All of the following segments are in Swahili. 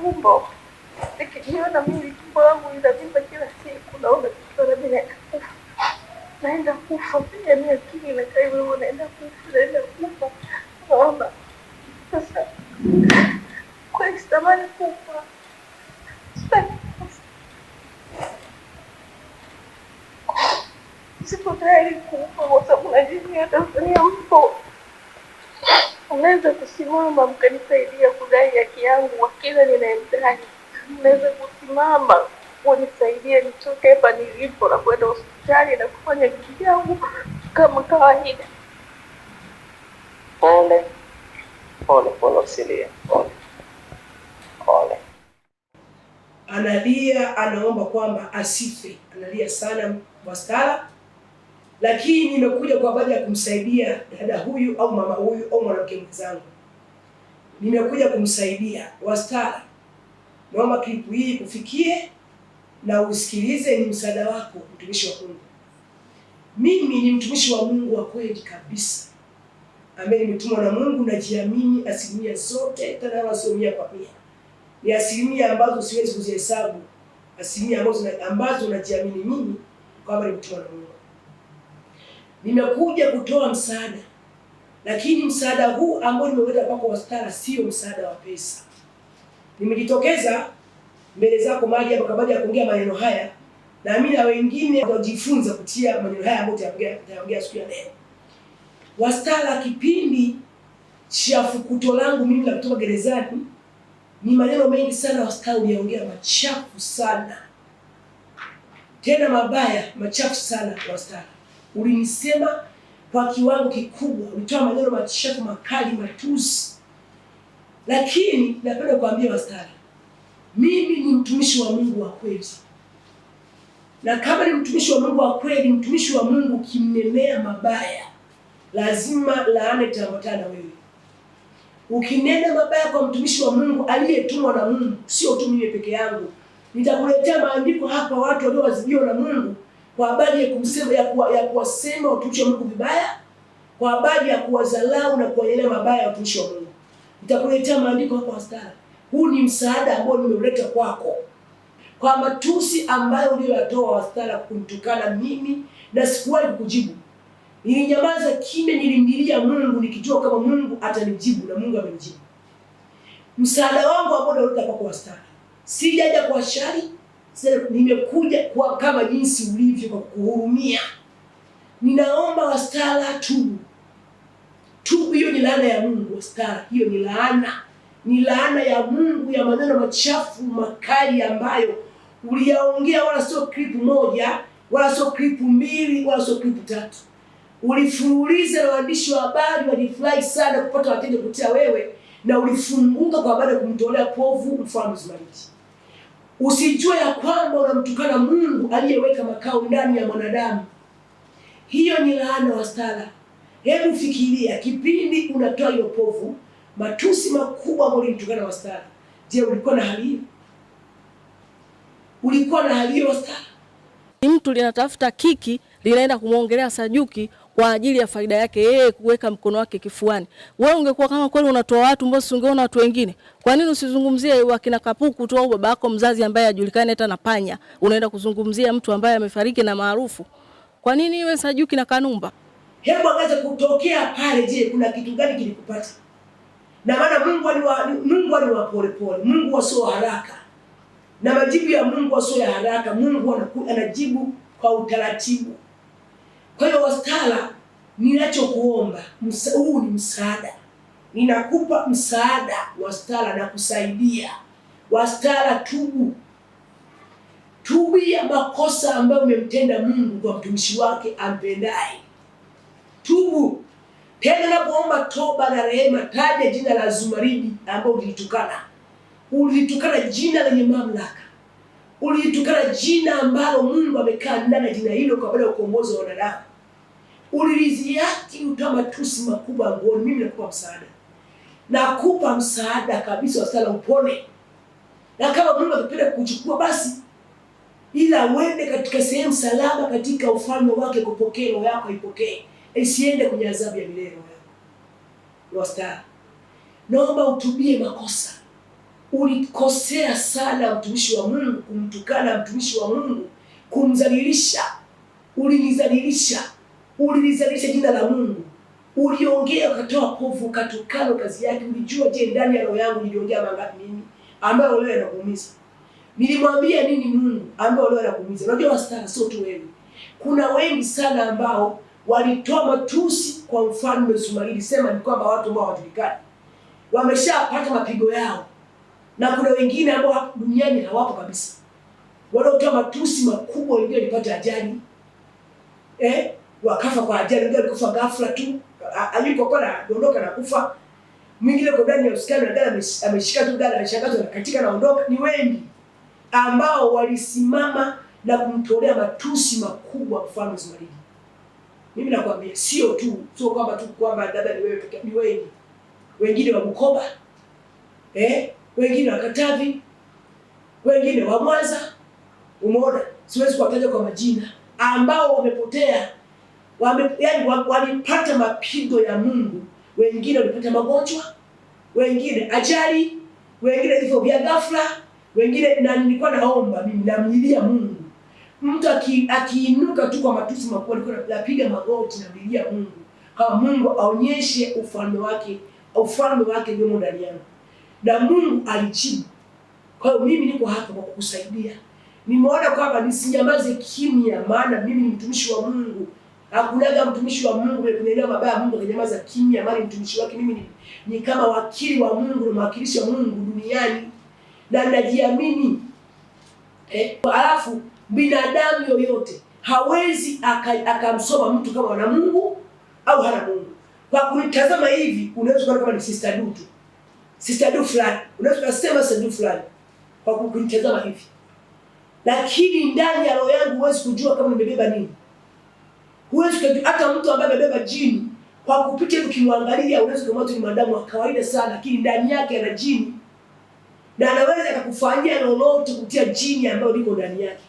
tumbo nikijiona mimi tumbo langu linavimba kila siku, naona kichwa na mimi nakufa, naenda kufa pia, mimi akili inakaa hivyo hivyo, naenda kufa, naenda kufa, naona sasa kweli sitamani kufa, sipo tayari kufa kwa sababu najua Tanzania mpo Unaweza kusimama mkanisaidia kudai haki yangu, wakili ninayemdai. Unaweza kusimama unisaidie nitoke hapa nilipo na kwenda hospitali na kufanya kazi yangu kama kawaida. Pole pole pole, usilie, pole pole. Analia, anaomba kwamba asife, analia sana Mwastala lakini nimekuja kwa ajili ya kumsaidia dada huyu au mama huyu au mwanamke mwenzangu, nimekuja kumsaidia Wastara. Naomba klipu hii kufikie na usikilize, ni msaada wako, mtumishi wa Mungu. Mimi ni mtumishi wa Mungu wa kweli kabisa, ambaye nimetumwa na Mungu. Najiamini asilimia zote, tena sio mia kwa mia, ni asilimia ambazo siwezi kuzihesabu, asilimia ambazo, ambazo najiamini mimi kwamba nimetumwa na Mungu nimekuja kutoa msaada, lakini msaada huu ambao nimeweka kwako Wastara sio msaada wa pesa. Nimejitokeza mbele zako mahali hapa kabla ya kuongea maneno haya, naamini na wengine watajifunza kutia maneno haya ambayo tayaongea siku ya leo. Wastara, kipindi cha fukuto langu mimi na kutoka gerezani, ni maneno mengi sana Wastara uliyaongea, machafu sana tena mabaya, machafu sana Wastara ulinisema kwa kiwango kikubwa, ulitoa maneno machafu makali, matusi. Lakini napenda kuambia wastara, mimi ni mtumishi wa Mungu wa kweli, na kama ni mtumishi wa Mungu wa kweli, mtumishi wa Mungu ukimnemea mabaya, lazima laana itaambatana wewe. Ukinena mabaya kwa mtumishi wa Mungu aliyetumwa na Mungu, sio tu mimi peke yangu, nitakuletea maandiko hapa, watu waliowazibiwa na Mungu kwa habari ya kumsema ya kuwa, ya kuwasema watumishi wa Mungu vibaya, kwa habari ya kuwadharau na kuwaelea mabaya ya watumishi wa Mungu. Nitakuletea maandiko hapo astara. Huu ni msaada ambao nimeuleta kwako kwa matusi ambayo uliyoyatoa wastara kumtukana mimi, na sikuwahi kujibu. Nilinyamaza kimya, nilimlilia Mungu nikijua kama Mungu atanijibu, na Mungu amenijibu. Msaada wangu ambao naleta kwako wastara, sijaja kwa shari nimekuja kwa kama jinsi ulivyo kwa kuhurumia. Ninaomba wastara tu tu, hiyo ni laana ya Mungu, wastara hiyo ni laana, ni laana ya Mungu ya maneno machafu makali ambayo uliyaongea, wala sio clip moja wala sio clip mbili wala sio clip tatu. Ulifululiza na waandishi wa habari walifurahi sana kupata wateja kutia wewe, na ulifunguka kwa baada ya kumtolea povu mfano Zumaridi. Usijue ya kwamba unamtukana Mungu aliyeweka makao ndani ya mwanadamu. Hiyo ni laana wastara. Hebu fikiria, kipindi unatoa hiyo povu, matusi makubwa ambayo ulimtukana wastara. Je, ulikuwa na hali hiyo? Ulikuwa na hali hiyo wastara? Mtu linatafuta kiki linaenda kumwongelea Sajuki kwa ajili ya faida yake yeye kuweka mkono wake kifuani. Wewe ungekuwa kama kweli unatoa watu ambao usingeona watu wengine? Kwa nini usizungumzie wakina Kapuku tu au baba yako mzazi ambaye ajulikane hata na panya? Unaenda kuzungumzia mtu ambaye amefariki na maarufu. Kwa nini iwe Sajuki na Kanumba? Hebu angaza kutokea pale. Je, kuna kitu gani kilikupata? Na maana Mungu aliwa Mungu aliwa polepole. Mungu sio haraka. Na majibu ya Mungu sio ya haraka. Mungu anajibu kwa utaratibu. Kwa hiyo Wastara, ninachokuomba huu ni msaada, ninakupa msaada Wastara na kusaidia Wastara, tubu tubu ya makosa ambayo umemtenda Mungu kwa mtumishi wake ampendaye. Tubu tena, napoomba toba na rehema, taja jina la Zumaridi ambayo ulitukana, ulitukana jina lenye mamlaka, ulitukana jina ambalo Mungu amekaa ndani ya jina hilo kwa ajili ya ukombozi wa wanadamu uliriziati utamatusi makubwa ngoni, mimi nakupa msaada, nakupa msaada kabisa, wasala upone, na kama Mungu akipenda kuchukua basi, ila uende katika sehemu salama katika ufalme wake, kupokea roho yako, ipokee, isiende kwenye adhabu ya milele. Roho naomba utubie makosa ulikosea sana mtumishi wa Mungu, kumtukana mtumishi wa Mungu, kumzalilisha, ulinizalilisha ulilizalisha jina la Mungu, uliongea ukatoa povu, ukatukana kazi yake. Ulijua je, ndani ya roho yangu niliongea mangapi mimi ambayo leo yanakuumiza? Nilimwambia nini Mungu ambayo leo yanakuumiza? Unajua wastara sio tu wewe, kuna wengi sana ambao walitoa matusi kwa mfalme Sumarili, sema ni kwamba watu ambao hawajulikani wameshapata mapigo yao, na kuna wengine ambao duniani hawapo kabisa, wanaotoa matusi makubwa, wengine walipata ajali eh? wakafa kwa ajali, mwingine alikufa ghafla tu alipokuwa anaondoka na kufa, mwingine kwa ndani ya hospitali na dada ameshika tu dada ameshangazwa na katika naondoka. Ni wengi ambao walisimama na kumtolea matusi makubwa mfalme Zumaridi. Mimi nakwambia sio tu sio kwamba tu kwamba dada ni wewe, ni wengi wengine wa Bukoba eh, wengine wa Katavi, wengine wa Mwanza, umeona, siwezi kuwataja kwa majina ambao wamepotea wame, yani walipata mapigo ya Mungu, wengine walipata magonjwa, wengine ajali, wengine vifo vya ghafla, wengine na nilikuwa naomba mimi namlilia Mungu. Mtu akiinuka aki tu kwa matusi makubwa alikuwa napiga magoti namlilia Mungu kama Mungu aonyeshe ufalme wake ufalme wake ndio ndani yangu, na Mungu alijibu. Kwa hiyo mimi niko hapa kwa kukusaidia. Nimeona kwamba nisijamaze kimya, maana mimi ni mtumishi wa Mungu. Hakulaga mtumishi wa Mungu kunenea mabaya Mungu akanyamaza kimya, mali mtumishi wake mimi ni, ni kama wakili wa Mungu na mwakilishi wa Mungu duniani na najiamini. Eh, alafu binadamu yoyote hawezi akamsoma aka mtu kama ana Mungu au hana Mungu. Kwa kunitazama hivi unaweza kuona kama ni sister du tu. Sister du fulani. Unaweza kusema sister du fulani kwa kunitazama hivi. Lakini ndani ya roho yangu huwezi kujua kama nimebeba nini. Huwezi hata mtu ambaye amebeba jini kwa kupitia hivi ukimwangalia unaweza kumwona ni mwanadamu wa kawaida sana, lakini ndani yake ana jini. Na anaweza akakufanyia lolote kutia jini ambayo liko ndani yake.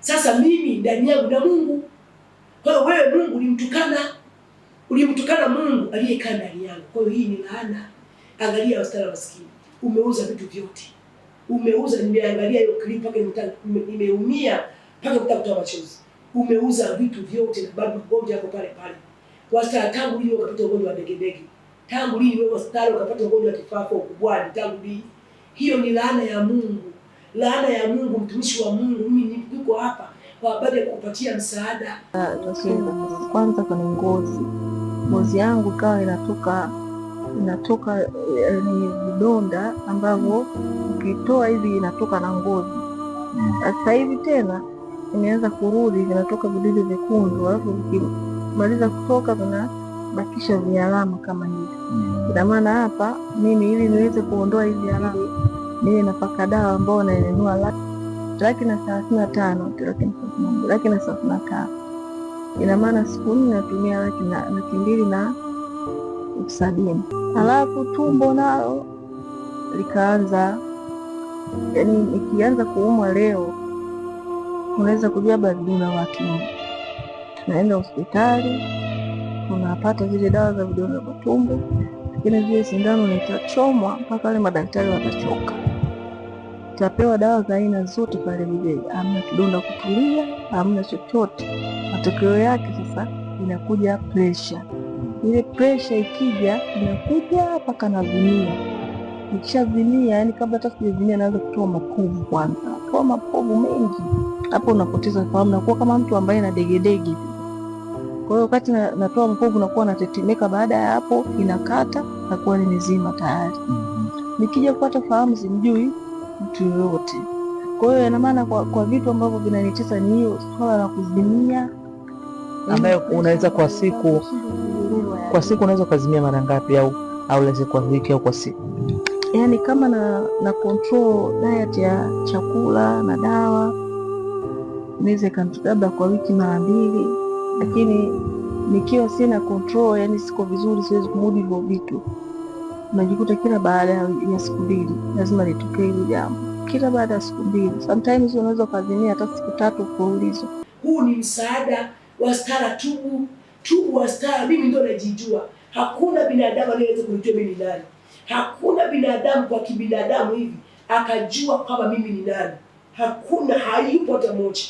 Sasa mimi ndani yangu na Mungu. Kwa hiyo wewe Mungu ulimtukana. Ulimtukana Mungu aliyekaa ndani yangu. Kwa hiyo hii ni laana. Angalia wastara maskini. Umeuza vitu vyote. Umeuza, nimeangalia hiyo clip mpaka nimeumia mpaka nitakutoa machozi umeuza vitu vyote na bado magonjwa yako pale pale. Wasta, tangu lini ukapata ugonjwa wa degedege? Tangu lini wewe wastara ukapata ugonjwa wa kifafa ukubwani? Tangu lini? Hiyo ni laana ya Mungu, laana ya Mungu. Mtumishi wa Mungu, mimi niko hapa kwa baada ya kukupatia msaada. Ah, kwanza kwenye ngozi, ngozi yangu ikawa inatoka inatoka eh, ni vidonda ambavyo ukitoa hivi inatoka na ngozi. Mm. Sasa hivi tena imeanza kurudi, vinatoka vidudu vyekundu, alafu vikimaliza kutoka vinabakisha vialama kama hivi. Mm. Ina maana hapa mimi, ili niweze kuondoa hizi alama, mimi napaka dawa ambao nainunua laki na thelathini na tano laki na thelathini na tano ina maana siku nne natumia laki mbili na elfu sabini Halafu tumbo nalo likaanza, yani nikianza kuumwa leo unaweza kujua vidonda vya tumbo. Tunaenda hospitali unapata zile dawa za vidonda vya tumbo, lakini zile sindano nitachomwa mpaka wale madaktari watachoka. Tapewa dawa za aina zote pale bibeli, amna kidonda kutulia, amna chochote. Matokeo yake sasa inakuja presha. Ile presha ikija inakuja mpaka na dunia nikishazimia, yani kabla hata sijazimia, naanza kutoa mapovu kwanza, toa mapovu mengi. Hapo unapoteza fahamu, nakuwa kama mtu ambaye na degedege. Kwa hiyo wakati na, natoa mapovu nakuwa natetemeka. Baada ya hapo inakata, nakuwa ni mzima tayari. mm -hmm. Nikija kupata fahamu, simjui mtu yoyote. Kwa hiyo ina maana kwa, kwa vitu ambavyo vinanitesa ni hiyo swala la kuzimia ambayo unaweza kwa siku kwa siku unaweza ukazimia mara ngapi, au au lazima kwa wiki au kwa siku? yani kama na, na control diet ya chakula na dawa inaweza labda kwa wiki mara mbili, lakini nikiwa sina control, yani siko vizuri, siwezi kumudu hivyo vitu, najikuta kila baada ya siku mbili lazima litokee hili jambo, kila baada ya siku mbili, sometimes unaweza ukaazimia hata siku tatu mfululizo. Huu ni msaada wa Stara. Tubu, tubu wa Stara. Mimi ndio najijua, hakuna binadamu anayeweza kunijua mimi Hakuna binadamu kwa kibinadamu hivi akajua kwamba mimi ni nani. Hakuna, hayupo hata mmoja,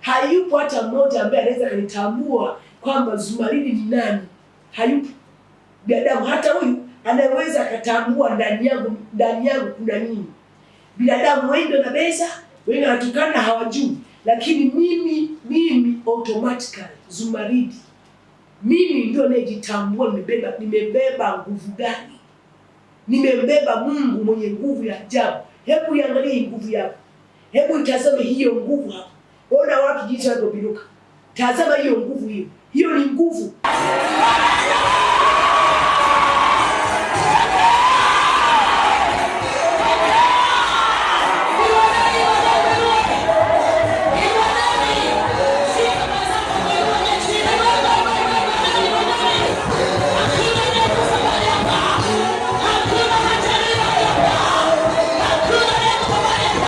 hayupo hata mmoja ambaye anaweza kanitambua kwamba Zumaridi ni nani. Hayupo binadamu hata huyu anaweza akatambua ndani yangu, ndani yangu kuna nini. Binadamu wengi wanabeza, wengi wanatukana, hawajui, lakini mimi, mimi automatically Zumaridi, mimi ndio anayejitambua nimebeba, nimebeba nguvu gani nimembeba Mungu mwenye nguvu ya ajabu. Hebu iangalie nguvu yako, hebu itazame hiyo nguvu hapo. Ona watu jinsi wanavyobinuka, tazama hiyo nguvu hiyo, hiyo ni nguvu